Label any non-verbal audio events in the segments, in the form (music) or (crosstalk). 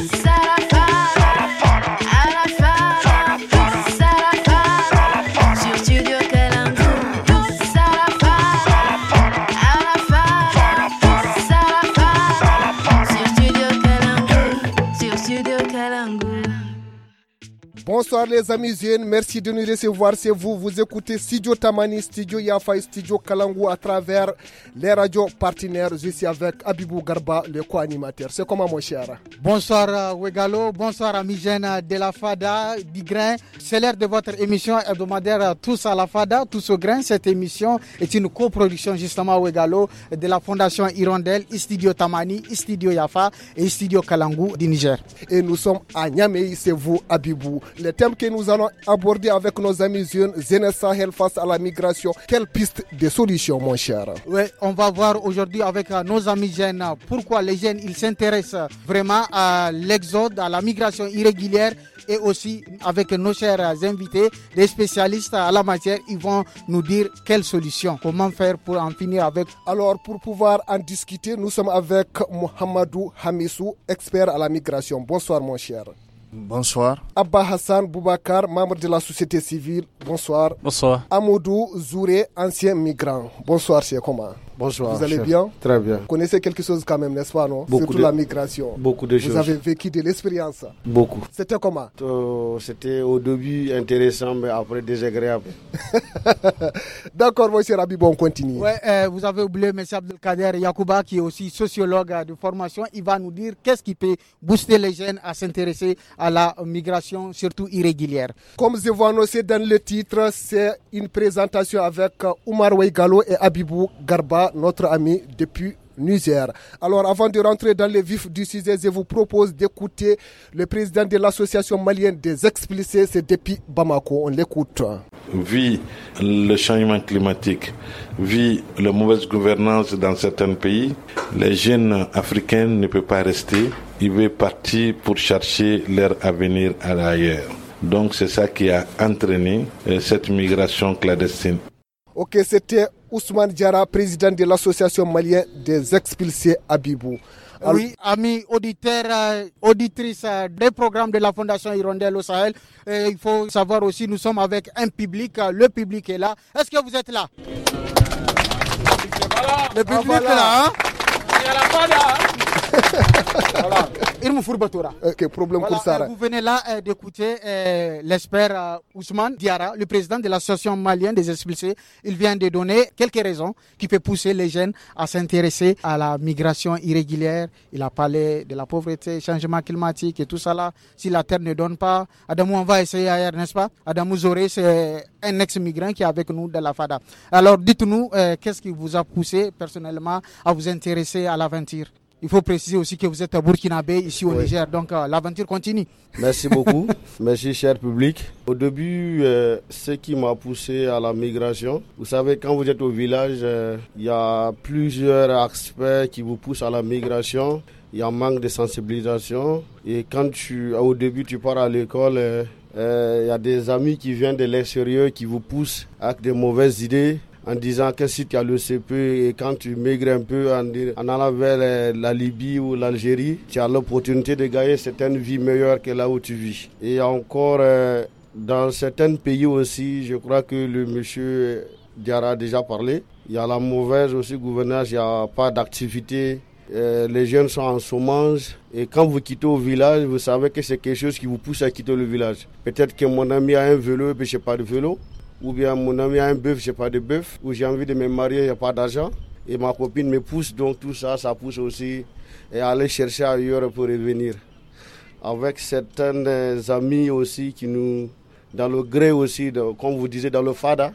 outside. Bonsoir les amis jeunes, merci de nous recevoir. C'est vous, vous écoutez Studio Tamani, Studio Yafa et Studio Kalangu à travers les radios partenaires. Je suis avec Abibou Garba, le co-animateur. C'est comment mon cher Bonsoir euh, Wegalo, bonsoir amis jeunes de la FADA, du grain. C'est l'heure de votre émission hebdomadaire euh, Tous à la FADA, Tous au grain. Cette émission est une coproduction justement Wegalo de la Fondation Hirondelle, Studio Tamani, Studio Yafa et Studio Kalangu du Niger. Et nous sommes à Niamey, c'est vous Abibou. le thème que nous allons aborder avec nos amis jeunes Sahel face à la migration. Quelle piste de solution, mon cher Oui, on va voir aujourd'hui avec euh, nos amis jeunes pourquoi les jeunes ils s'intéressent euh, vraiment à l'exode, à la migration irrégulière et aussi avec nos chers euh, invités, les spécialistes à la matière, ils vont nous dire quelles solutions, comment faire pour en finir avec. Alors, pour pouvoir en discuter, nous sommes avec Mohamedou Hamissou, expert à la migration. Bonsoir, mon cher. Bonsoir. Abba Hassan Boubacar, membre de la société civile. Bonsoir. Bonsoir. Amoudou Zouré, ancien migrant. Bonsoir, c'est comment Bonsoir. Vous allez bien Très bien. Vous connaissez quelque chose quand même, n'est-ce pas, non beaucoup Surtout de, la migration. Beaucoup de choses. Vous avez vécu de l'expérience Beaucoup. C'était comment euh, C'était au début intéressant, mais après désagréable. (laughs) D'accord, monsieur Rabib, on continue. Ouais, eh, vous avez oublié monsieur Abdelkader Yakouba, qui est aussi sociologue de formation. Il va nous dire qu'est-ce qui peut booster les jeunes à s'intéresser à la migration, surtout irrégulière. Comme je vous annoncé dans le titre, c'est une présentation avec Oumar Weigalo et Abibou Garba notre ami depuis Niger. Alors avant de rentrer dans les vifs du sujet, je vous propose d'écouter le président de l'association malienne des explicés, c'est depuis Bamako. On l'écoute. Vu le changement climatique, vu la mauvaise gouvernance dans certains pays, les jeunes africains ne peuvent pas rester. Ils veulent partir pour chercher leur avenir ailleurs. Donc c'est ça qui a entraîné euh, cette migration clandestine. Ok, c'était Ousmane Diara, président de l'association malienne des expulsés à Bibou. Oui, amis auditeurs, euh, auditrices euh, des programmes de la Fondation Hirondelle au Sahel, euh, il faut savoir aussi, nous sommes avec un public, le public est là. Est-ce que vous êtes là Le public ah, est là, hein, hein. Il fourbatora. Euh, vous venez là euh, d'écouter euh, l'expert euh, Ousmane Diara, le président de l'association malienne des expulsés. Il vient de donner quelques raisons qui peuvent pousser les jeunes à s'intéresser à la migration irrégulière. Il a parlé de la pauvreté, changement climatique et tout ça là. Si la terre ne donne pas, Adamou, on va essayer ailleurs, n'est-ce pas Adamou Zoré, c'est un ex-migrant qui est avec nous de la FADA. Alors dites-nous, qu'est-ce qui vous a poussé personnellement à vous intéresser à l'aventure il faut préciser aussi que vous êtes à Burkinabé, ici au Niger, donc euh, l'aventure continue. Merci beaucoup. (laughs) Merci, cher public. Au début, euh, ce qui m'a poussé à la migration, vous savez, quand vous êtes au village, euh, il y a plusieurs aspects qui vous poussent à la migration. Il y a un manque de sensibilisation. Et quand tu, au début, tu pars à l'école, il y a des amis qui viennent de l'extérieur qui vous poussent avec des mauvaises idées en disant que si tu as le CP et quand tu maigres un peu en, en allant vers euh, la Libye ou l'Algérie, tu as l'opportunité de gagner certaines vies meilleures que là où tu vis. Et encore, euh, dans certains pays aussi, je crois que le monsieur euh, Diarra a déjà parlé, il y a la mauvaise aussi gouvernance, il n'y a pas d'activité. les jeunes sont en saumange. et quand vous quittez au village, vous savez que c'est quelque chose qui vous pousse à quitter le village. Peut-être que mon ami a un vélo et puis je n'ai pas de vélo ou bien mon ami a un bœuf, j'ai pas de bœuf, ou j'ai envie de me marier, n'ai pas d'argent, et ma copine me pousse, donc tout ça, ça pousse aussi, et aller chercher ailleurs pour revenir. Avec certains amis aussi qui nous, dans le gré aussi, comme vous disiez, dans le fada,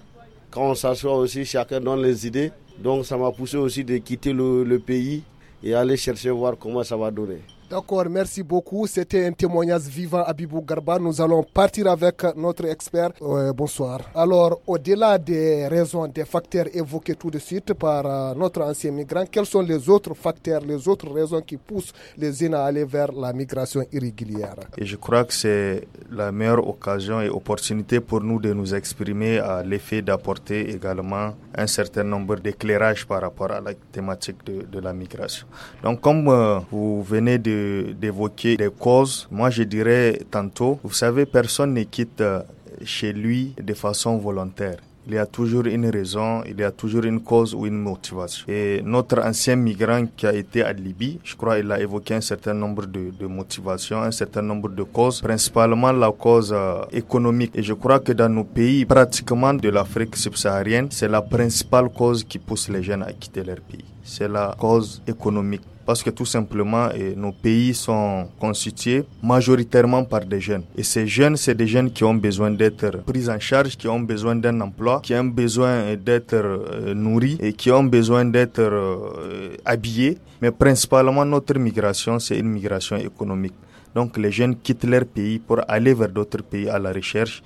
quand on s'assoit aussi, chacun donne les idées. Donc ça m'a poussé aussi de quitter le, pays et aller chercher voir comment ça va donner. D'accord, merci beaucoup. C'était un témoignage vivant à Bibou Garba. Nous allons partir avec notre expert. Euh, bonsoir. Alors, au-delà des raisons, des facteurs évoqués tout de suite par euh, notre ancien migrant, quels sont les autres facteurs, les autres raisons qui poussent les jeunes à aller vers la migration irrégulière Et je crois que c'est la meilleure occasion et opportunité pour nous de nous exprimer à l'effet d'apporter également un certain nombre d'éclairages par rapport à la thématique de, la migration. Donc, comme euh, vous venez de d'évoquer des causes, moi je dirais tantôt, vous savez, personne ne quitte euh, chez lui de façon volontaire. Il y a toujours une raison, il y a toujours une cause ou une motivation. Et notre ancien migrant qui a été à Libye, je crois il a évoqué un certain nombre de, motivations, un certain nombre de causes, principalement la cause euh, économique. Et je crois que dans nos pays, pratiquement de l'Afrique subsaharienne, c'est la principale cause qui pousse les jeunes à quitter leur pays c'est la cause économique. Parce que tout simplement, eh, nos pays sont constitués majoritairement par des jeunes. Et ces jeunes, c'est des jeunes qui ont besoin d'être pris en charge, qui ont besoin d'un emploi, qui ont besoin eh, d'être euh, nourris et qui ont besoin d'être euh, habillés. Mais principalement, notre migration, c'est une migration économique. Donc les jeunes quittent leur pays pour aller vers d'autres pays à la recherche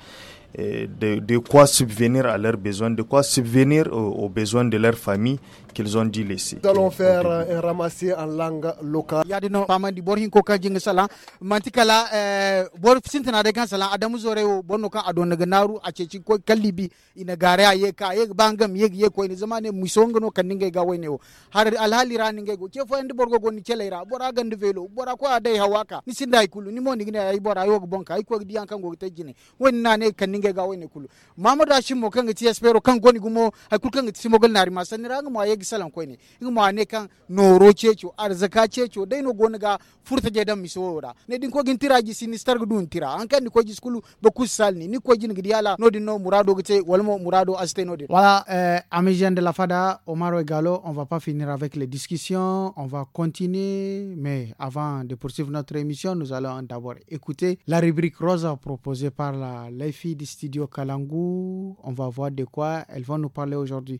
de, de, quoi subvenir à leurs besoins, de quoi subvenir aux, aux besoins de leur famille qu'ils ont dû laisser. Nous allons faire un euh, ramasser en langue locale. Il y a des noms, maman, du borhin koka jing sala, mantikala, eh, bor sintana de gan sala, adamu zore o bonoka a chechi ko kalibi, inagare ye ka, ye bangam, ye ye ko, ni zamane musongo no kaninge gawene o. Har alhali raninge go, chefo endi borgo go ni chelera, bora gandu velo, bora ko adai hawaka, ni sindai kulu, ni moni gine ay bora ayog bonka, ay ko diyan kango tajine. na ne kaninge nge ga wani kulu mama da shi mo kan ti espero kan goni gumo hay kul kan ti mo gal nari masan ni ranga mo ayegi salan ko ne ngi mo ne kan noro cecho arzaka cecho dai no goni ga furta je dan miso da ne din ko gin ji sinister gudu tira an kan ni ko jiskulu ba kusal ni ni ko ji gidi yala no din no murado gite walmo murado aste no din voilà euh, amis de la fada Omaro et Galo on va pas finir avec les discussions on va continuer mais avant de poursuivre notre émission nous allons d'abord écouter la rubrique rosa proposée par la les filles studio Kalangu. On va voir de quoi elles vont nous parler aujourd'hui.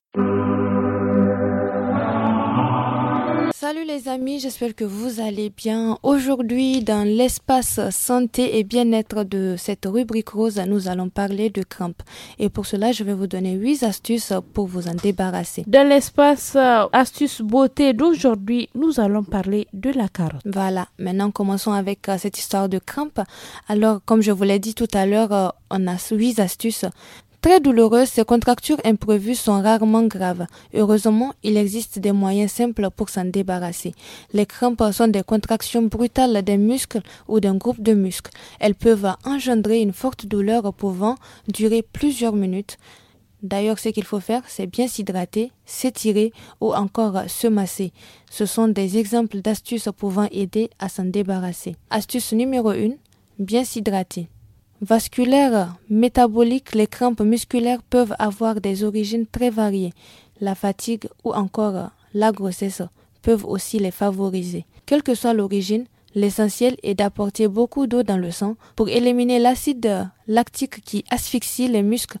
Salut les amis, j'espère que vous allez bien. Aujourd'hui, dans l'espace santé et bien-être de cette rubrique rose, nous allons parler de crampes. Et pour cela, je vais vous donner 8 astuces pour vous en débarrasser. Dans l'espace euh, astuces beauté d'aujourd'hui, nous allons parler de la carotte. Voilà, maintenant commençons avec euh, cette histoire de crampes. Alors, comme je vous l'ai dit tout à l'heure, euh, on a 8 astuces. Très douloureuses, ces contractures imprévues sont rarement graves. Heureusement, il existe des moyens simples pour s'en débarrasser. Les crampes sont des contractions brutales d'un muscle ou d'un groupe de muscles. Elles peuvent engendrer une forte douleur pouvant durer plusieurs minutes. D'ailleurs, ce qu'il faut faire, c'est bien s'hydrater, s'étirer ou encore se masser. Ce sont des exemples d'astuces pouvant aider à s'en débarrasser. Astuce numéro 1, bien s'hydrater vasculaires, métaboliques, les crampes musculaires peuvent avoir des origines très variées. La fatigue ou encore la grossesse peuvent aussi les favoriser. Quelle que soit l'origine, l'essentiel est d'apporter beaucoup d'eau dans le sang pour éliminer l'acide lactique qui asphyxie les muscles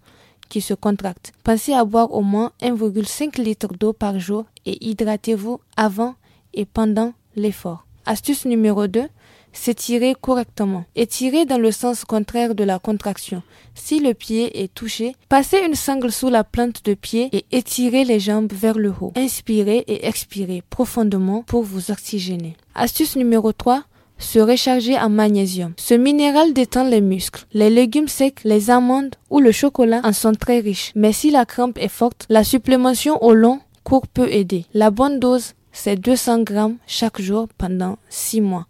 qui se contractent. Pensez à boire au moins 1,5 litre d'eau par jour et hydratez-vous avant et pendant l'effort. Astuce numéro 2, s'étirer correctement. Étirer dans le sens contraire de la contraction. Si le pied est touché, passez une sangle sous la plante de pied et étirez les jambes vers le haut. Inspirez et expirez profondément pour vous oxygéner. Astuce numéro 3 se recharger en magnésium. Ce minéral détend les muscles. Les légumes secs, les amandes ou le chocolat en sont très riches. Mais si la crampe est forte, la supplémentation au long court peut aider. La bonne dose, c'est 200 grammes chaque jour pendant 6 mois.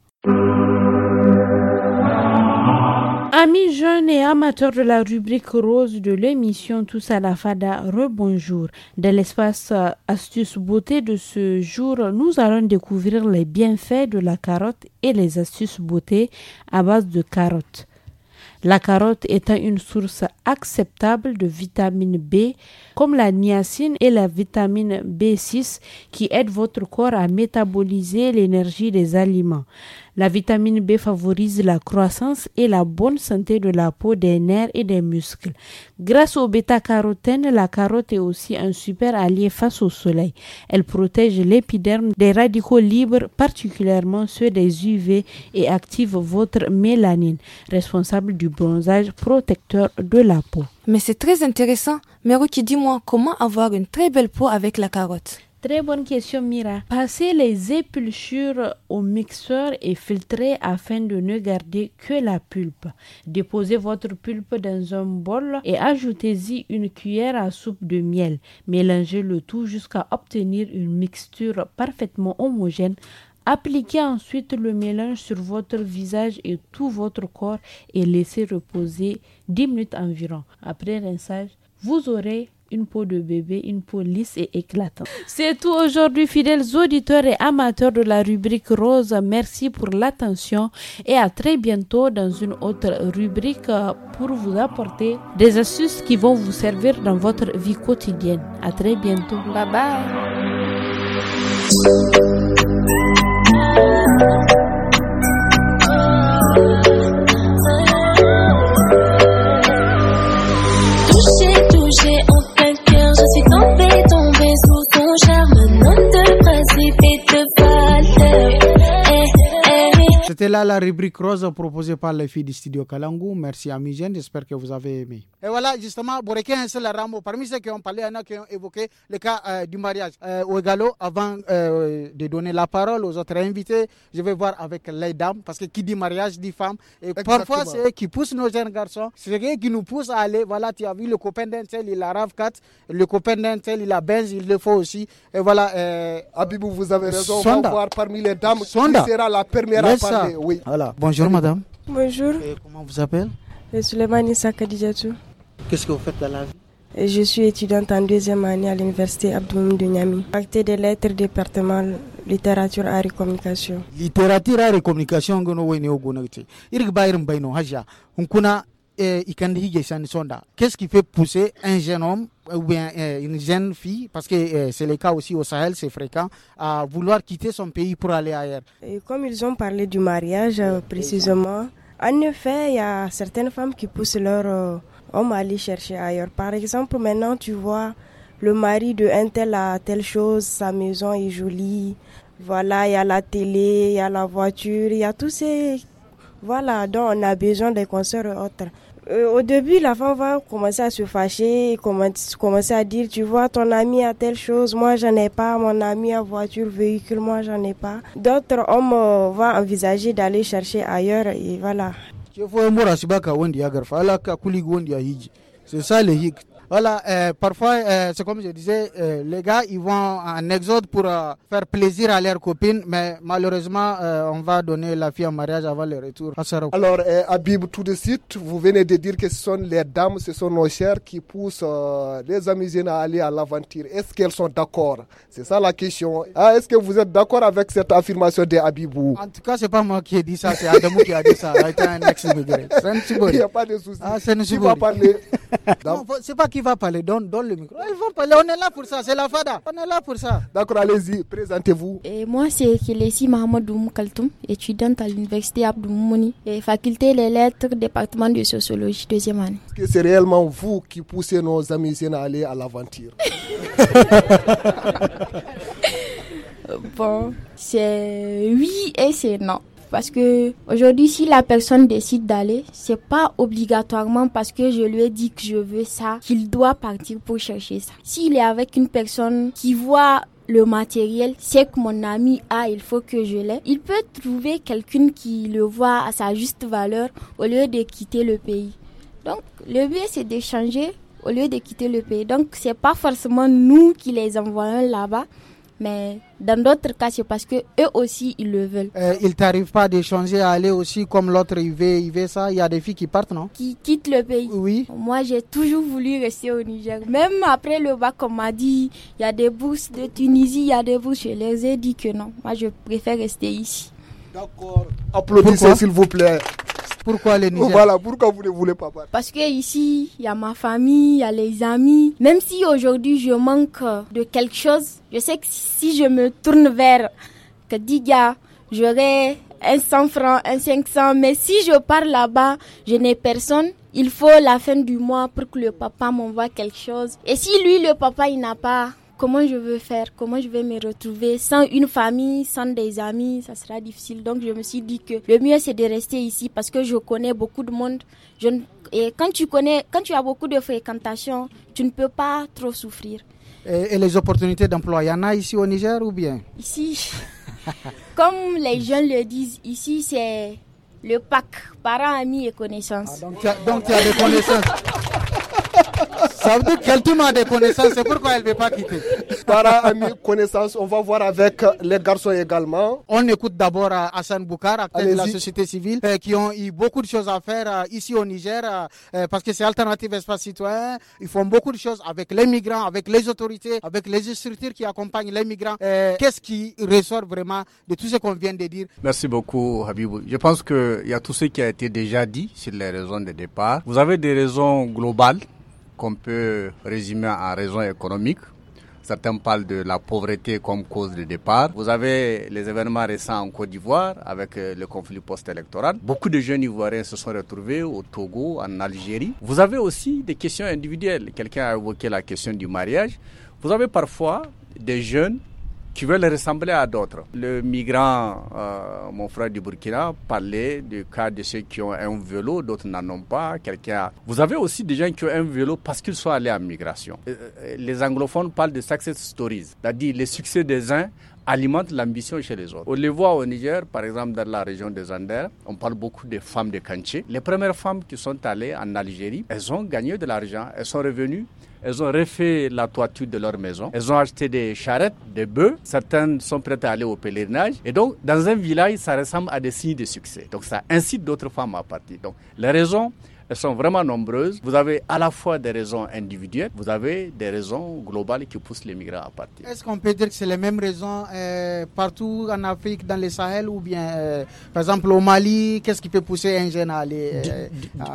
Amis jeunes et amateurs de la rubrique rose de l'émission Tous à la Fada, rebonjour. Dans l'espace euh, astuces beauté de ce jour, nous allons découvrir les bienfaits de la carotte et les astuces beauté à base de carottes. La carotte étant une source acceptable de vitamine B, comme la niacine et la vitamine B6 qui aident votre corps à métaboliser l'énergie des aliments. La vitamine B favorise la croissance et la bonne santé de la peau, des nerfs et des muscles. Grâce au bêta-carotène, la carotte est aussi un super allié face au soleil. Elle protège l'épiderme des radicaux libres, particulièrement ceux des UV, et active votre mélanine, responsable du bronzage protecteur de la peau. Mais c'est très intéressant. Mais dis-moi, comment avoir une très belle peau avec la carotte Très bonne question, Mira. Passez les épulchures au mixeur et filtrez afin de ne garder que la pulpe. Déposez votre pulpe dans un bol et ajoutez-y une cuillère à soupe de miel. Mélangez le tout jusqu'à obtenir une mixture parfaitement homogène Appliquez ensuite le mélange sur votre visage et tout votre corps et laissez reposer 10 minutes environ. Après rinçage, vous aurez une peau de bébé, une peau lisse et éclatante. C'est tout aujourd'hui, fidèles auditeurs et amateurs de la rubrique rose. Merci pour l'attention et à très bientôt dans une autre rubrique euh, pour vous apporter des astuces qui vont vous servir dans votre vie quotidienne. À très bientôt. Bye bye. C'est là la rubrique rose proposée par les filles du studio Kalangu. Merci à Migène, j'espère que vous avez aimé. Et voilà, justement, un seul Rambo, parmi ceux qui ont parlé, il y en a qui ont évoqué le cas euh, du mariage euh, au Avant euh, de donner la parole aux autres invités, je vais voir avec les dames, parce que qui dit mariage dit femme. Et parfois, c'est eux qui poussent nos jeunes garçons, c'est eux qui nous poussent à aller. Voilà, tu as vu le copain d'un tel, il a RAV4, le copain d'un tel, il a Benz, il le faut aussi. Et voilà. Abibou, vous avez raison, on va voir parmi les dames qui sera la première à parler. Oui. Bonjour madame. Bonjour. comment vous appelez Je suis Qu'est-ce que vous faites dans la vie je suis étudiante en deuxième année à l'université Abdoum de Niami. des lettres, département littérature, et communication. Littérature, et communication, Qu'est-ce qui fait pousser un jeune homme euh, ou bien euh, une jeune fille, parce que euh, c'est le cas aussi au Sahel, c'est fréquent, à vouloir quitter son pays pour aller ailleurs Et Comme ils ont parlé du mariage précisément, en effet, il y a certaines femmes qui poussent leur homme à aller chercher ailleurs. Par exemple, maintenant, tu vois, le mari de un tel a telle chose, sa maison est jolie, voilà, il y a la télé, il y a la voiture, il y a tous ces... Voilà, donc on a besoin des concerts et autres. Euh, au début, la femme va commencer à se fâcher, commencer à dire, tu vois, ton ami a telle chose, moi j'en ai pas, mon ami a voiture, véhicule, moi j'en ai pas. D'autres hommes euh, vont envisager d'aller chercher ailleurs et voilà. C'est ça le hic. Voilà, euh, parfois, euh, c'est comme je disais, euh, les gars, ils vont en exode pour faire plaisir à leurs copines, mais malheureusement, on va donner la fille en mariage avant le retour Alors, Abib, tout de suite, vous venez de dire que ce sont les dames, ce sont nos chers qui poussent les amisiennes à aller à l'aventure. Est-ce qu'elles sont d'accord C'est ça la question. Ah, Est-ce que vous êtes d'accord avec cette affirmation de Abibou En tout cas, c'est pas moi qui ai dit ça, c'est Adamou qui a dit ça. (laughs) Il n'y a pas de souci. Ah, c'est parler. (laughs) c'est pas qui va parler Donne, donne le micro. Ils vont parler. On est là pour ça. C'est la FADA. On est là pour ça. D'accord, allez-y. Présentez-vous. Et moi, c'est Kélessi Mahamadou Moukaltoum, étudiante à l'université Abdou Mouni et faculté des lettres, département de sociologie, deuxième année. Est-ce que c'est réellement vous qui poussez nos amis à aller à l'aventure (laughs) Bon, c'est oui et c'est non. Parce que aujourd'hui, si la personne décide d'aller, c'est pas obligatoirement parce que je lui ai dit que je veux ça qu'il doit partir pour chercher ça. S'il est avec une personne qui voit le matériel, c'est que mon ami a, il faut que je l'ai. Il peut trouver quelqu'un qui le voit à sa juste valeur au lieu de quitter le pays. Donc, le but, c'est d'échanger au lieu de quitter le pays. Donc, c'est pas forcément nous qui les envoyons là-bas, mais dans d'autres cas, c'est parce que eux aussi, ils le veulent. Euh, il t'arrive pas d'échanger, à aller aussi comme l'autre il veut ça. Il y a des filles qui partent, non Qui quittent le pays. Oui. Moi, j'ai toujours voulu rester au Niger. Même après le bac, on m'a dit, il y a des bourses de Tunisie, il y a des bourses. Je les ai dit que non. Moi, je préfère rester ici. D'accord. Applaudissez, s'il vous plaît. Pourquoi les Niger Voilà, pourquoi vous ne voulez pas partir Parce que ici, il y a ma famille, il y a les amis. Même si aujourd'hui je manque de quelque chose, je sais que si je me tourne vers Kadiga, j'aurai un 100 francs, un 500. Mais si je pars là-bas, je n'ai personne. Il faut la fin du mois pour que le papa m'envoie quelque chose. Et si lui, le papa, il n'a pas comment je veux faire, comment je vais me retrouver sans une famille, sans des amis, ça sera difficile. Donc je me suis dit que le mieux c'est de rester ici parce que je connais beaucoup de monde. Je et quand tu connais, quand tu as beaucoup de fréquentations, tu ne peux pas trop souffrir. Et, les opportunités d'emploi, il y en a ici au Niger ou bien Ici, (laughs) comme les jeunes le disent, ici c'est le pack, parents, amis et connaissances. Ah, donc donc tu as des connaissances. Ça veut dire qu'elle demande des connaissances, c'est pourquoi elle ne veut pas quitter. Par amis, connaissances, on va voir avec les garçons également. On écoute d'abord euh, Hassan Boukar, acteur de la société civile, euh, qui ont eu beaucoup de choses à faire euh, ici au Niger, parce que c'est Alternative Espace Citoyen. Ils font beaucoup de choses avec les migrants, avec les autorités, avec les structures qui accompagnent les migrants. Qu'est-ce qui ressort vraiment de tout ce qu'on vient de dire Merci beaucoup, Habibou. Je pense qu'il y a tout ce qui a été déjà dit sur les raisons de départ. Vous avez des raisons globales qu'on peut résumer en raison économique. Certains parlent de la pauvreté comme cause de départ. Vous avez les événements récents en Côte d'Ivoire avec euh, le conflit post-électoral. Beaucoup de jeunes Ivoiriens se sont retrouvés au Togo, en Algérie. Vous avez aussi des questions individuelles. Quelqu'un a évoqué la question du mariage. Vous avez parfois des jeunes qui veulent ressembler à d'autres. Le migrant, euh, mon frère du Burkina, parlait du cas de ceux qui ont un vélo, d'autres n'en ont pas. Quelqu'un. Vous avez aussi des gens qui ont un vélo parce qu'ils sont allés en migration. Euh, euh, les anglophones parlent de success stories, c'est-à-dire les succès des uns alimente l'ambition chez les autres. On les voit au Niger, par exemple dans la région des Anders, on parle beaucoup des femmes de Kanché. Les premières femmes qui sont allées en Algérie, elles ont gagné de l'argent, elles sont revenues, elles ont refait la toiture de leur maison. Elles ont acheté des charrettes, des bœufs. Certaines sont prêtes à aller au pèlerinage. Et donc, dans un village, ça ressemble à des signes de succès. Donc, ça incite d'autres femmes à partir. Donc, les raisons elles sont vraiment nombreuses. Vous avez à la fois des raisons individuelles, vous avez des raisons globales qui poussent les migrants à partir. Est-ce qu'on peut dire que c'est les mêmes raisons euh, partout en Afrique, dans les Sahel ou bien, euh, par exemple, au Mali Qu'est-ce qui peut pousser un jeune à aller euh,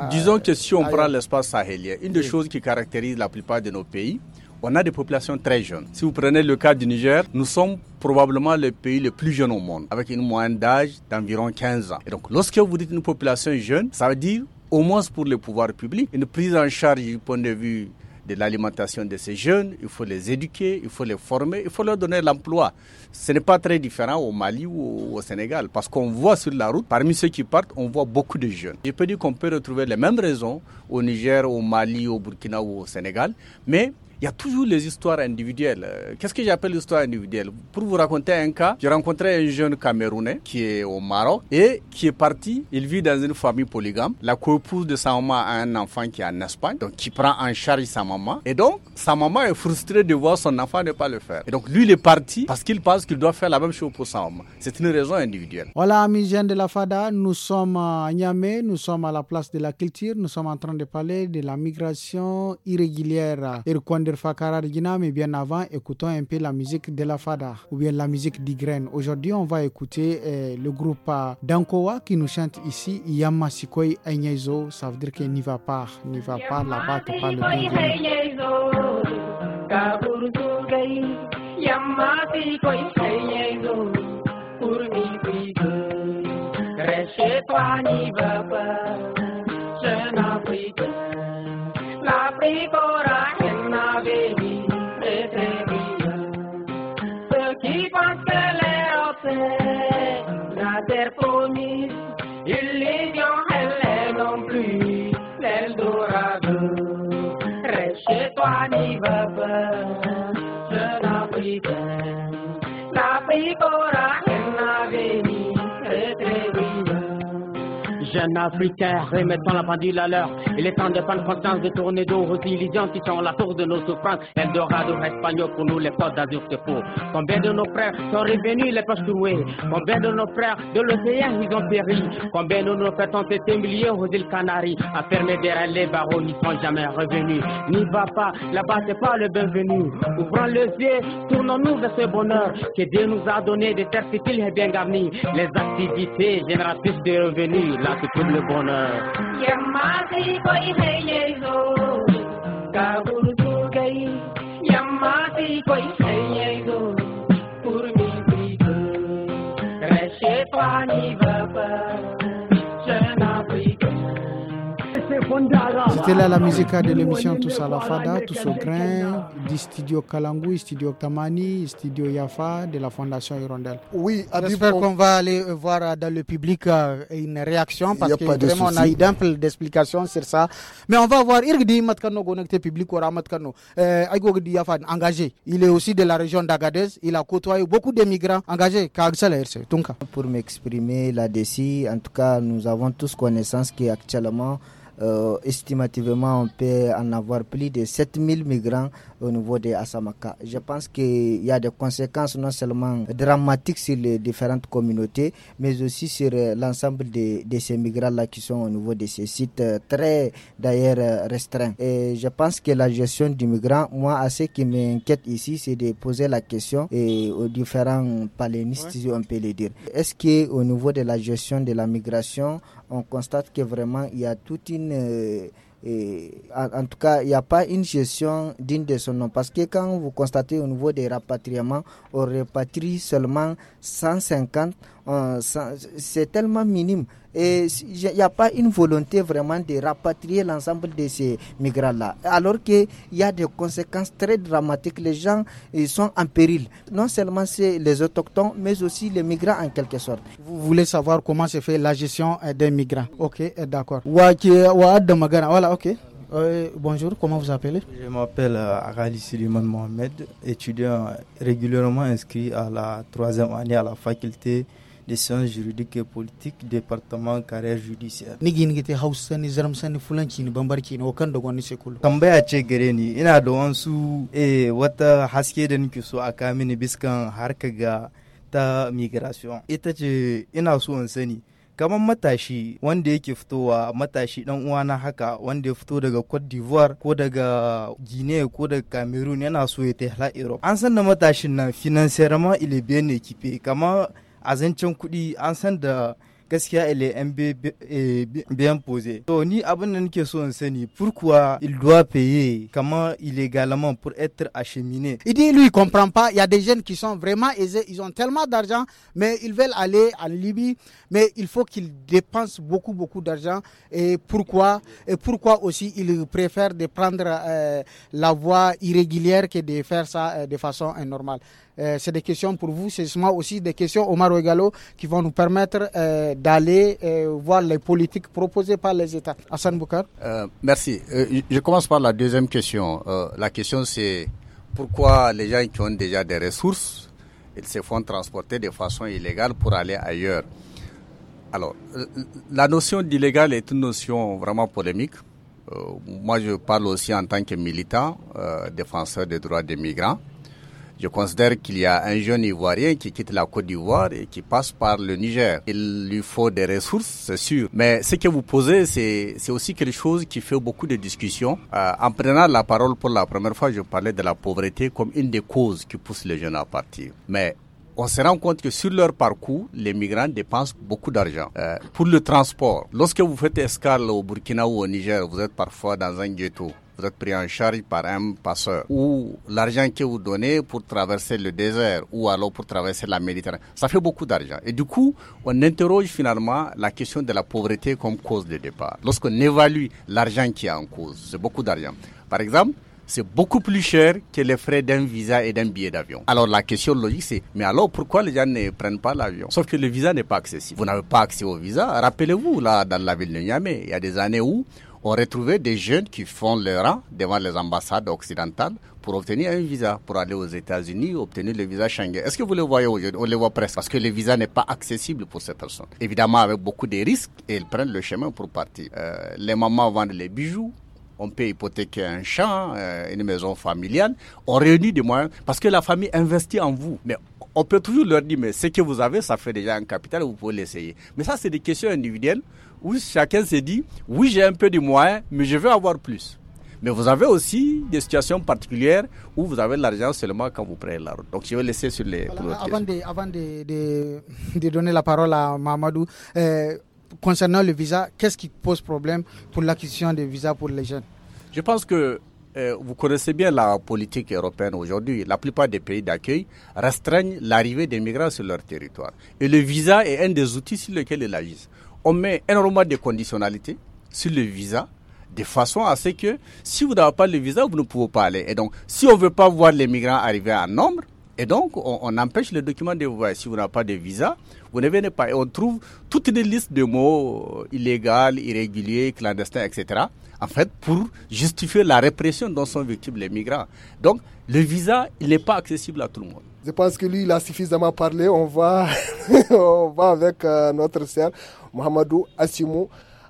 Disons que si on prend l'espace sahélien, une des choses qui caractérise la plupart de nos pays, on a des populations très jeunes. Si vous prenez le cas du Niger, nous sommes probablement le pays le plus jeune au monde, avec une moyenne d'âge d'environ 15 ans. Et donc, lorsque vous dites une population jeune, ça veut dire au moins pour les pouvoirs publics, une prise en charge du point de vue de l'alimentation de ces jeunes, il faut les éduquer, il faut les former, il faut leur donner l'emploi. Ce n'est pas très différent au Mali ou au Sénégal, parce qu'on voit sur la route, parmi ceux qui partent, on voit beaucoup de jeunes. Je peux dire qu'on peut retrouver les mêmes raisons au Niger, au Mali, au Burkina ou au Sénégal, mais il y a toujours les histoires individuelles. Euh, qu'est-ce que j'appelle l'histoire individuelle Pour vous raconter un cas, j'ai rencontré un jeune Camerounais qui est au Maroc et qui est parti. Il vit dans une famille polygame. La coépouse de sa maman a un enfant qui est en Espagne, donc qui prend en charge sa maman. Et donc, sa maman est frustrée de voir son enfant ne pas le faire. Et donc, lui, il est parti parce qu'il pense qu'il doit faire la même chose pour sa maman. C'est une raison individuelle. Voilà, amis jeunes de la FADA, nous sommes à Niamey, nous sommes à la place de la culture, nous sommes en train de parler de la migration irrégulière et Abdelander mais bien avant, écoutons un peu la musique de la Fada ou bien la musique d'Igraine. Aujourd'hui, on va écouter eh, le groupe eh, Dankowa qui nous chante ici Yamasikoi Ça veut dire qu'il n'y va pas, n'y va pas là-bas, pas le baba. un Africain remettant la pendule à l'heure. Il est temps de prendre conscience, de tourner d'eau, aux illusions qui sont la tour de nos souffrances. Eldorado espagnol pour nous, les portes d'adultes se Combien de nos frères sont revenus les poches trouées Combien de nos frères de l'océan ils ont péri Combien de nos frères ont été humiliés aux îles Canaries fermer derrière les barreaux, ils sont jamais revenus. N'y va pas, là-bas c'est pas le bienvenu. Ouvrons les yeux, tournons-nous vers ce bonheur que Dieu nous a donné des terres fertiles et bien garnies. Les activités génératrices de revenus, là புல்லு போன என் மாதிரி பொய்கையேதோ C'est là la musique de l'émission Tous à la Fada, Tous au Grain, du studio Kalangou, studio Tamani, studio Yafa de la Fondation Hirondelle. Oui, j'espère qu'on va aller voir dans le public euh, une réaction parce que vraiment on a eu d'ample d'explications sur ça. Mais on va voir Irgdi Matkano, connecté public au Ramatkano. Euh, Yafa, engagé. Il est aussi de la région d'Agadez. Il a côtoyé beaucoup de migrants engagés. Pour m'exprimer la DC, en tout cas, nous avons tous connaissance qu'actuellement, euh, estimativement, on peut en avoir plus de 7000 migrants au niveau de Asamaka. Je pense qu'il y a des conséquences non seulement dramatiques sur les différentes communautés, mais aussi sur euh, l'ensemble de, ces migrants-là qui sont au niveau de ces sites euh, très d'ailleurs restreints. Et je pense que la gestion du migrant, moi, à ce qui m'inquiète ici, c'est de poser la question aux différents palénistes, si on peut le dire. Est-ce qu'au niveau de la gestion de la migration, on constate que vraiment il y a toute une euh, euh, en tout cas, il n'y a pas une gestion digne de son nom. Parce que quand vous constatez au niveau des rapatriements, on répatrie seulement 150, euh, c'est tellement minime. Et il n'y a pas une volonté vraiment de rapatrier l'ensemble de ces migrants-là. Alors qu'il y a des conséquences très dramatiques. Les gens ils sont en péril. Non seulement c'est les autochtones, mais aussi les migrants en quelque sorte. Vous voulez savoir comment se fait la gestion euh, des migrants. Ok, euh, d'accord. Euh, voilà, ok. bonjour, comment vous appelez Je m'appelle Agali Suleiman Mohamed, étudiant régulièrement inscrit à la troisième année à la faculté des sciences juridiques et politiques, département carrière judiciaire. Ni gini gite hausa ni zaramsa ni fulanci ni bambarki ni wakan da gwani sekulu. Tambaya ce gare ni ina da wansu eh, wata haske da nake so a ni biskan harka ga ta migration. Ita ce ina so in sani. kamar matashi wanda yake fitowa matashi dan uwana haka wanda ya fito daga Cote d'Ivoire ko daga Guinea ko daga Cameroon yana so ya tafi Europe an san da matashin nan financièrement il est bien équipé kamar a zancen kuɗi an san da gaskiya ile yan e, biyan pose to ni abin da so pourquoi il doit payer comment illégalement pour être acheminé il dit lui il comprend pas il y a des jeunes qui sont vraiment aisés ils ont tellement d'argent mais ils veulent aller en Libye mais il faut qu'ils dépensent beaucoup beaucoup d'argent et pourquoi et pourquoi aussi ils préfèrent de prendre euh, la voie irrégulière que de faire ça euh, de façon normale euh, c'est des questions pour vous, c'est justement aussi des questions au Regalo qui vont nous permettre euh, d'aller euh, voir les politiques proposées par les États. Hassan Boukar. merci. je commence par la deuxième question. la question c'est pourquoi les gens qui ont déjà des ressources, ils se font transporter de façon illégale pour aller ailleurs. Alors, la notion d'illégal est une notion vraiment polémique. moi, je parle aussi en tant que militant, défenseur des droits des migrants. Je considère qu'il y a un jeune Ivoirien qui quitte la Côte d'Ivoire et qui passe par le Niger. Il lui faut des ressources, c'est sûr. Mais ce que vous posez, c'est aussi quelque chose qui fait beaucoup de discussions. Euh, en prenant la parole pour la première fois, je parlais de la pauvreté comme une des causes qui pousse les jeunes à partir. Mais on se rend compte que sur leur parcours, les migrants dépensent beaucoup d'argent. Euh, pour le transport, lorsque vous faites escale au Burkina ou au Niger, vous êtes parfois dans un ghetto vous êtes pris en charge par un passeur. Ou l'argent que vous donnez pour traverser le désert ou alors pour traverser la Méditerranée. Ça fait beaucoup d'argent. Et du coup, on interroge finalement la question de la pauvreté comme cause de départ. Lorsqu'on évalue l'argent qui est en cause, c'est beaucoup d'argent. Par exemple, c'est beaucoup plus cher que les frais d'un visa et d'un billet d'avion. Alors la question logique c'est, mais alors pourquoi les gens ne prennent pas l'avion Sauf que le visa n'est pas accessible. Vous n'avez pas accès au visa. Rappelez-vous, là, dans la ville de Niamey, il y a des années où on retrouvait des jeunes qui font le rang devant les ambassades occidentales pour obtenir un visa, pour aller aux États-Unis, obtenir le visa Schengen. Est-ce que vous le voyez aujourd'hui On le voit presque, parce que le visa n'est pas accessible pour ces personnes. Évidemment, avec beaucoup de risques, et ils prennent le chemin pour partir. Euh, les mamans vendent les bijoux, on peut hypothéquer un champ, euh, une maison familiale, on réunit des moyens parce que la famille investit en vous. Mais on peut toujours leur dire, mais ce que vous avez, ça fait déjà un capital, vous pouvez l'essayer. Mais ça, c'est des questions individuelles où chacun se dit, oui, j'ai un peu de moyens, mais je veux avoir plus. Mais vous avez aussi des situations particulières où vous avez de l'argent seulement quand vous prenez la route. Donc je vais laisser sur les... avant, de, donner la parole à Mamadou, euh, concernant le visa, qu'est-ce qui pose problème pour l'acquisition des visas pour les jeunes Je pense que euh, vous connaissez bien la politique européenne aujourd'hui. La plupart des pays d'accueil restreignent l'arrivée des migrants sur leur territoire. Et le visa est un des outils sur lesquels ils agissent on met énormément de conditionnalités sur le visa de façon à ce que si vous n'avez pas le visa, vous ne pouvez pas aller. Et donc, si on ne veut pas voir les migrants arriver en nombre, et donc on, empêche le document de vous Si vous n'avez pas de visa, vous ne venez pas. Et on trouve toute une liste de mots illégal, irrégulier, clandestin, etc. En fait, pour justifier la répression dont sont victimes les migrants. Donc, le visa, il n'est pas accessible à tout le monde. Je pense que lui, il a suffisamment parlé. On va, (laughs) on va avec euh, notre sœur Mohamedou Assimou.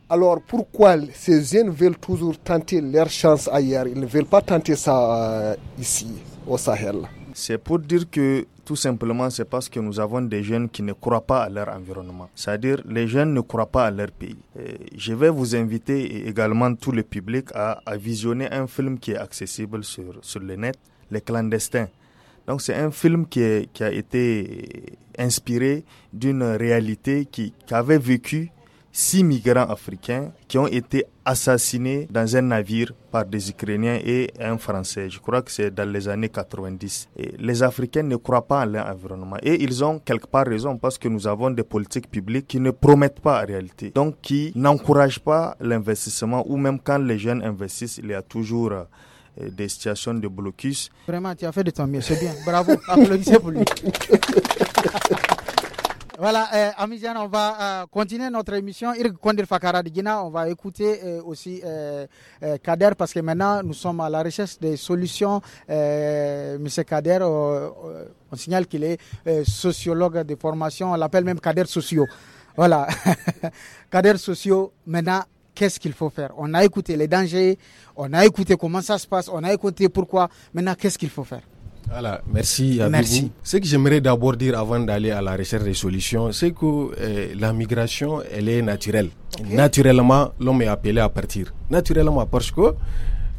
Alors pourquoi ces jeunes veulent toujours tenter leur chance ailleurs Ils ne veulent pas tenter ça euh, ici, au Sahel. C'est pour dire que tout simplement, c'est parce que nous avons des jeunes qui ne croient pas à leur environnement. C'est-à-dire, les jeunes ne croient pas à leur pays. je vais vous inviter également tout le public à, visionner un film qui est accessible sur, sur le net, Les clandestins. Donc c'est un film qui, qui a été inspiré d'une réalité qui, avait vécu six migrants africains qui ont été assassinés dans un navire par des Ukrainiens et un Français. Je crois que c'est dans les années 90. Et les Africains ne croient pas à l'environnement et ils ont quelque part raison parce que nous avons des politiques publiques qui ne promettent pas la réalité, donc qui n'encouragent pas l'investissement ou même quand les jeunes investissent, il y a toujours... Euh, des situations de blocus. Vraiment, tu as fait de ton mieux, c'est bien. Bravo, (laughs) applaudissez pour lui. (laughs) Voilà, euh, on va euh, continuer notre émission. on va écouter euh, aussi Kader parce que maintenant nous sommes à la recherche des solutions. Monsieur Kader, on signale qu'il est sociologue de formation, on l'appelle même Kader Socio. Voilà, (laughs) Kader Socio, maintenant qu'est-ce qu'il faut faire On a écouté les dangers, on a écouté comment ça se passe, on a écouté pourquoi. Maintenant, qu'est-ce qu'il faut faire voilà, merci. Ce que j'aimerais d'abord dire avant d'aller à la recherche des solutions, c'est que eh, la migration, elle est naturelle. Naturellement, l'homme est appelé à partir. Naturellement, parce que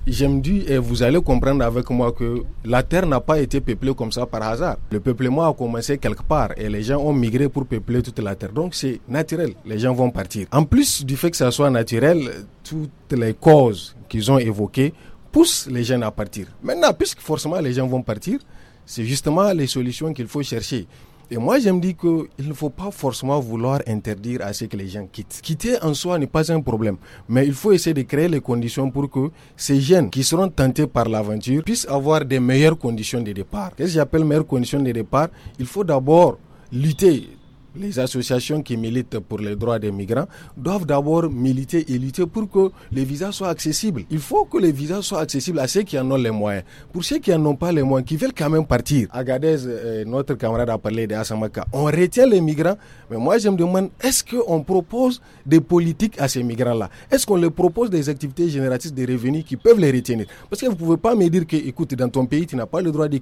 j'aime dis, et vous allez comprendre avec moi que la terre n'a pas été peuplée comme ça par hasard. Le peuplement a commencé quelque part et les gens ont migré pour peupler toute la terre. Donc c'est naturel, les gens vont partir. En plus du fait que ça soit naturel, toutes les causes qu'ils ont évoquées poussent les jeunes à partir. Maintenant, puisque forcément les gens vont partir, c'est justement les solutions qu'il faut chercher. Et moi, je me dis qu'il ne faut pas forcément vouloir interdire à ce que les gens quittent. Quitter en soi n'est pas un problème, mais il faut essayer de créer les conditions pour que ces jeunes qui seront tentés par l'aventure puissent avoir des meilleures conditions de départ. Qu'est-ce que j'appelle meilleures conditions de départ Il faut d'abord lutter les associations qui militent pour les droits des migrants doivent d'abord militer et lutter pour que les visas soient accessibles. Il faut que les visas soient accessibles à ceux qui en ont les moyens. Pour ceux qui n'en ont pas les moyens, qui veulent quand même partir, Agadez, euh, notre camarade a parlé de Asamaka, on retient les migrants, mais moi je me demande, est-ce qu'on propose des politiques à ces migrants-là Est-ce qu'on leur propose des activités génératrices de revenus qui peuvent les retenir Parce que vous ne pouvez pas me dire que, écoute, dans ton pays, tu n'as pas le droit de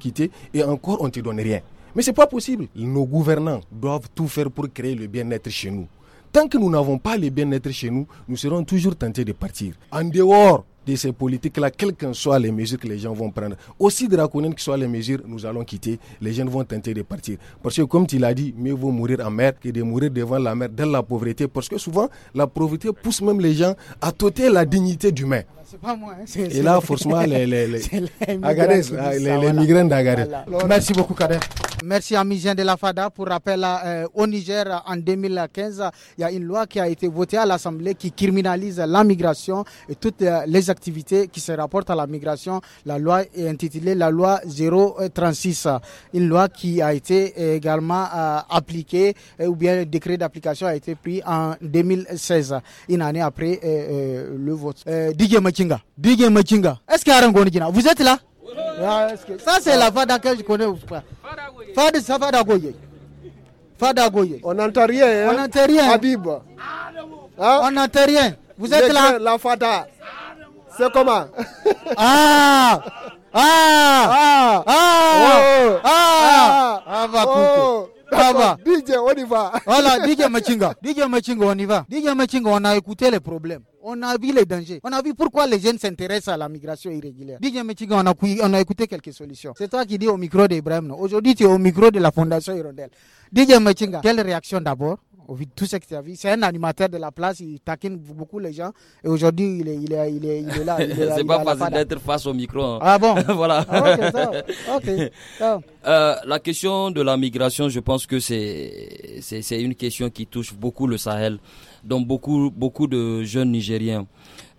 et encore on ne te donne rien. Mais ce n'est pas possible. Nos gouvernants doivent tout faire pour créer le bien-être chez nous. Tant que nous n'avons pas le bien-être chez nous, nous serons toujours tentés de partir. En dehors de ces politiques-là, quelles que soient les mesures que les gens vont prendre, aussi draconiennes que soient les mesures, nous allons quitter, les jeunes vont tenter de partir. Parce que comme tu l'as dit, mieux vaut mourir en mer que de mourir devant la mer, dans la pauvreté, parce que souvent, la pauvreté pousse même les gens à tôter la dignité d'humain. Ah, c'est pas moi. Hein, Et là, forcément, les, les, les, Merci beaucoup, Kader. Merci à Migien de la FADA pour rappel euh, au Niger en 2015, il y a une loi qui a été votée à l'Assemblée qui criminalise la migration et toutes euh, les activités qui se rapportent à la migration. La loi est intitulée la loi 036, une loi qui a été également euh, appliquée ou bien le décret d'application a été pris en 2016, une année après le vote. Digue Machinga, Digue Machinga, est-ce qu'il y a un Vous êtes là? Ah, ça, c'est la Fada que je connais. Fada, ça, Fada Goye. Fada Goye. On n'entend rien. Hein, On n'entend rien. Ah. On n'entend rien. Vous êtes là. La Fada. C'est comment Ah Ah Ah Ah oh. Ah Ah Ah Ah Ah Ah Ah DJ, on y va. Voilà, DJ Machinga. DJ Machinga, on y va. DJ Machinga, on a écouté les problèmes. On a vu les dangers. On a vu pourquoi les jeunes s'intéressent à la migration irrégulière. DJ Machinga, on a, écouté quelques solutions. C'est toi qui dis au micro d'Ibrahim. Aujourd'hui, tu es au micro de la Fondation Hirondelle. DJ Machinga, quelle réaction d'abord au tout ce C'est un animateur de la place, il taquine beaucoup les gens. Et aujourd'hui, il est, il, est, il, est, (laughs) là. c'est pas facile d'être face au micro. Hein. Ah bon (laughs) Voilà. Ah (laughs) ah. Euh, la question de la migration, je pense que c'est, c'est, une question qui touche beaucoup le Sahel, dont beaucoup, beaucoup de jeunes Nigériens.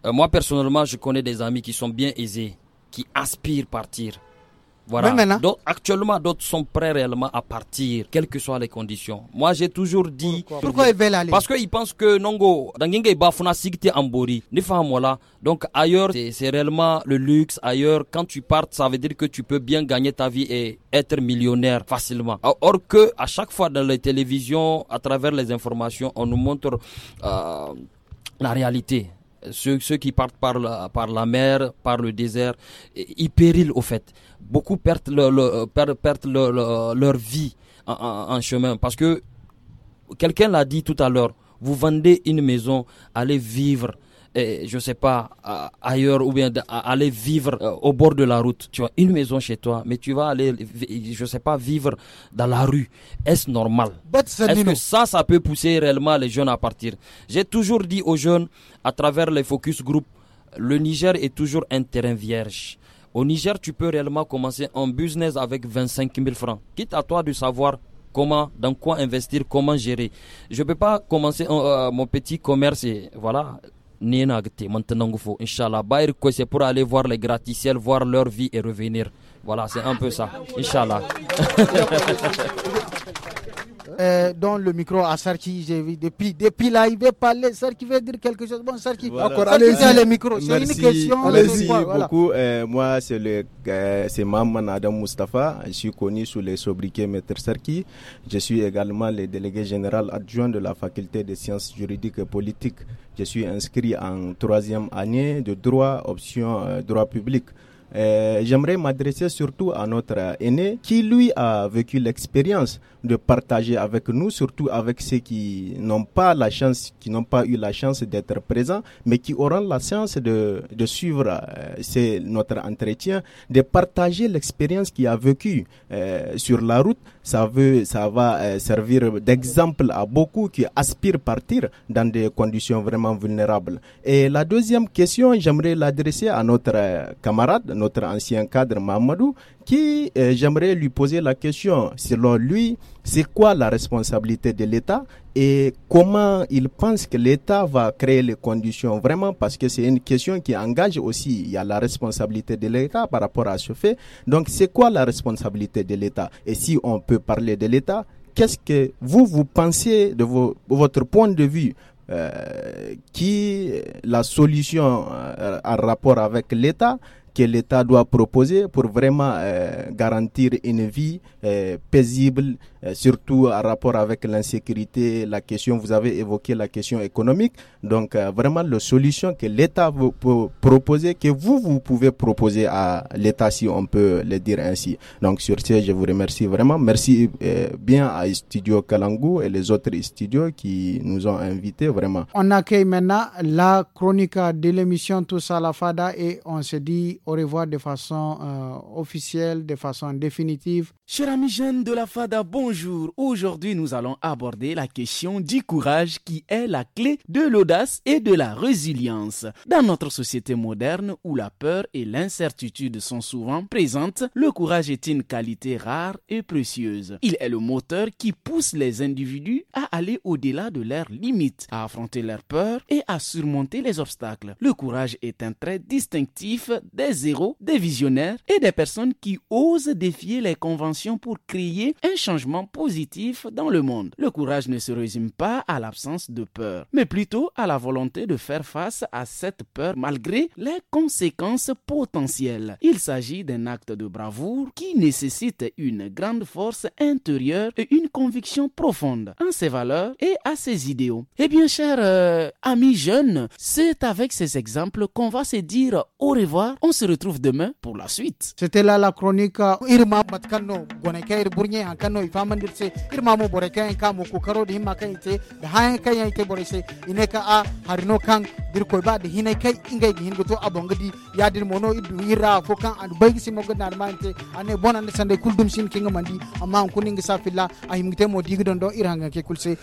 Euh, moi, personnellement, je connais des amis qui sont bien aisés, qui aspirent partir. Voilà. Donc, actuellement, d'autres sont prêts réellement à partir, quelles que soient les conditions. Moi, j'ai toujours dit. Pourquoi, ils veulent aller Parce qu'ils pensent que Nongo, Donc, ailleurs, c'est réellement le luxe. Ailleurs, quand tu partes, ça veut dire que tu peux bien gagner ta vie et être millionnaire facilement. Ah, or que, à chaque fois, dans les télévisions, à travers les informations, on nous montre euh, la réalité. Ceux, qui partent par la, par la mer, par le désert, ils périlent au fait beaucoup perdent, le, euh, leur vie en, chemin. Parce que quelqu'un l'a dit tout à l'heure, vous vendez une maison, allez vivre et je sais pas ailleurs ou bien aller vivre euh, au bord de la route tu vois une maison chez toi mais tu vas aller je sais pas vivre dans la rue est-ce normal est-ce que ça ça peut pousser réellement les jeunes à partir j'ai toujours dit aux jeunes à travers les focus group le Niger est toujours un terrain vierge au Niger, tu peux réellement commencer un business avec 25 000 francs. Quitte à toi de savoir comment, dans quoi investir, comment gérer. Je ne peux pas commencer euh, mon petit commerce et voilà. Maintenant, il faut, Inch'Allah, bah, c'est pour aller voir les graticiels, voir leur vie et revenir. Voilà, c'est un peu ça. Inch'Allah. (laughs) Euh, dans le micro à Sarki. J'ai vu depuis, depuis là, il veut parler. Sarki veut dire quelque chose. Bon, Sarki, voilà. allez le micro. C'est une question. Merci beaucoup. Euh, moi, c'est le, euh, c'est Maman Adam Mustafa. Je suis connu sous les sobriquets Maître Sarki. Je suis également le délégué général adjoint de la faculté des sciences juridiques et politiques. Je suis inscrit en troisième année de droit, option droit public. j'aimerais m'adresser surtout à notre aîné qui lui a vécu l'expérience de partager avec nous, surtout avec ceux qui n'ont pas la chance, qui n'ont pas eu la chance d'être présents, mais qui auront la chance de, suivre euh, notre entretien, de partager l'expérience qu'il a vécue euh, sur la route. Ça, veut, ça va euh, servir d'exemple à beaucoup qui aspirent partir dans des conditions vraiment vulnérables. Et la deuxième question, j'aimerais l'adresser à notre camarade, notre ancien cadre Mamadou, qui, euh, j'aimerais lui poser la question, selon lui, c'est quoi la responsabilité de l'État et comment il pense que l'État va créer les conditions vraiment parce que c'est une question qui engage aussi, il y a la responsabilité de l'État par rapport à ce fait. Donc c'est quoi la responsabilité de l'État Et si on peut parler de l'État, qu'est-ce que vous, vous pensez de votre point de vue euh, qui la solution euh, en rapport avec l'État que l'État doit proposer pour vraiment euh, garantir une vie euh, paisible, euh, surtout en rapport avec l'insécurité, la question, vous avez évoqué la question économique. Donc vraiment, la solution que l'État peut proposer, que vous, vous pouvez proposer à l'État, si on peut le dire ainsi. Donc sur ce, je vous remercie vraiment. Merci bien à Studio Kalangu et les autres studios qui nous ont invités, vraiment. On accueille maintenant la chronique de l'émission Tous à la Fada et on se dit au revoir de façon euh, officielle, de façon définitive. Cher ami jeunes de la FADA, bonjour. Aujourd'hui, nous allons aborder la question du courage qui est la clé de l'audace et de la résilience. Dans notre société moderne où la peur et l'incertitude sont souvent présentes, le courage est une qualité rare et précieuse. Il est le moteur qui pousse les individus à aller au-delà de leurs limites, à affronter leurs peurs et à surmonter les obstacles. Le courage est un trait distinctif des zéro des visionnaires et des personnes qui osent défier les conventions pour créer un changement positif dans le monde. Le courage ne se résume pas à l'absence de peur, mais plutôt à la volonté de faire face à cette peur malgré les conséquences potentielles. Il s'agit d'un acte de bravoure qui nécessite une grande force intérieure et une conviction profonde en ses valeurs et à ses idéaux. Eh bien, chers euh, amis jeunes, c'est avec ces exemples qu'on va se dire au revoir. On se se retrouve demain pour la suite. C'était là la chronique euh, Irma Matkano, Gonaker Bournier, Ankano, Ifamandirse, Irma Moboreka, Kamo Kokaro, Himakaite, de Hankaya Borese, Ineka A, Harino Kang, Dirkoba, de Hineka, Inga, Hingoto, Abongadi, Yadir Mono, Ira, Fokan, and Bagisi Moganarmante, and a bon understanding Kuldum Sin Kingamandi, Amount Kuning Safila, Ahimtemo Digdondo, Iranga Kulse.